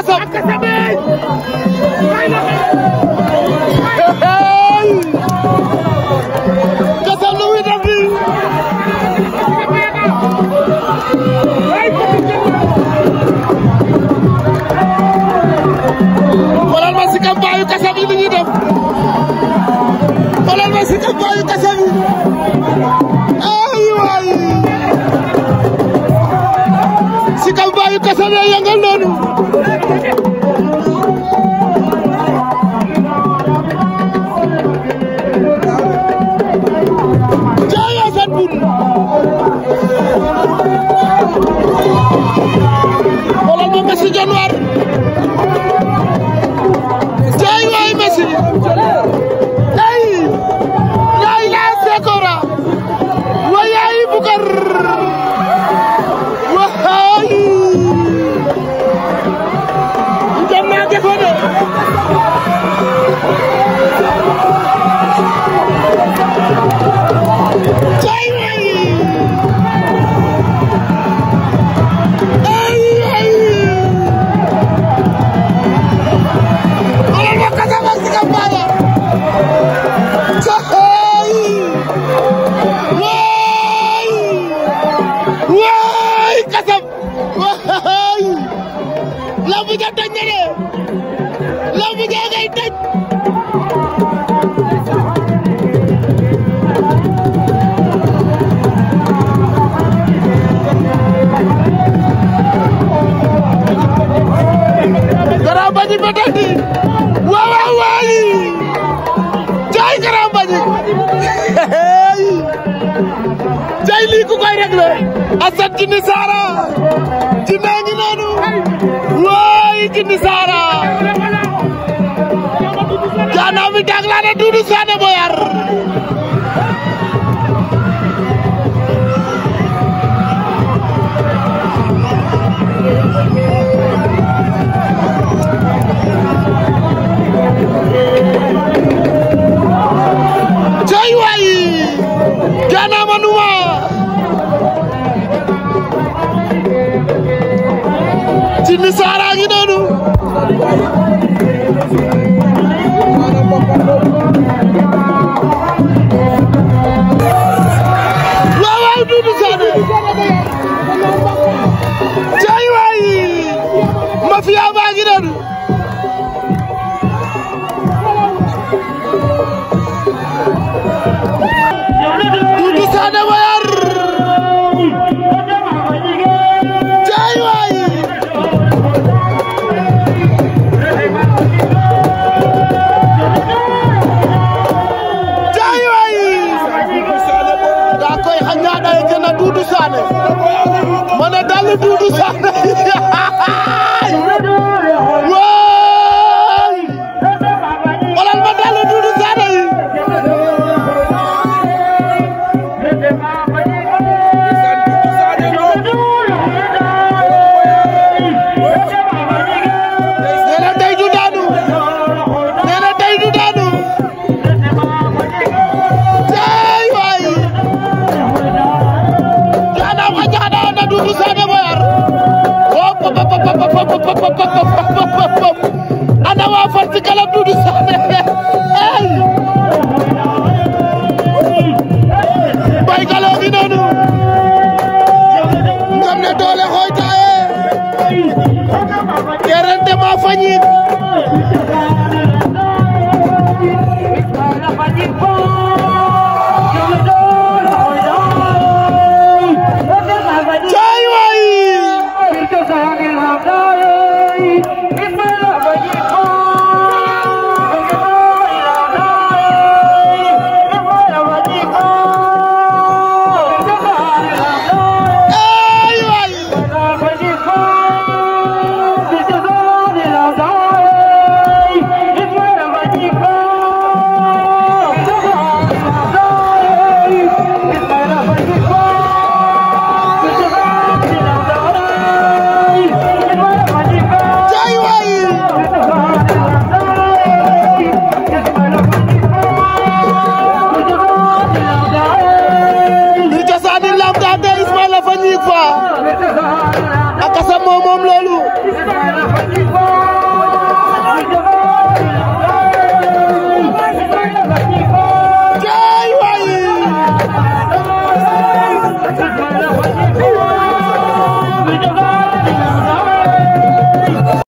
kasam ak kasam kasam lu muy def nii xoolal ma si kam baayu kasam yi li ñuy def xoolal ma si kam baayu kasam yi kese la yëngal noonu jaaya sat bun xoolal ma Messi Januar toj na de lamb jaa ngay toj Grand Mbagnick ba tey jii waaw waaw waay jaay Grand Mbagnick jaay lii ku koy réglé Assane Djiné Sara Kini Sara jaana mi dagla na Doudou Sané Boyar jey way jaana manuma Kini Sara ngi noonu Dudu Sane far ci kanam Doudou Sané ay Mbaye Gallo gi noonu ngam ne doole xooy taaye terante ma fañi قوم لالو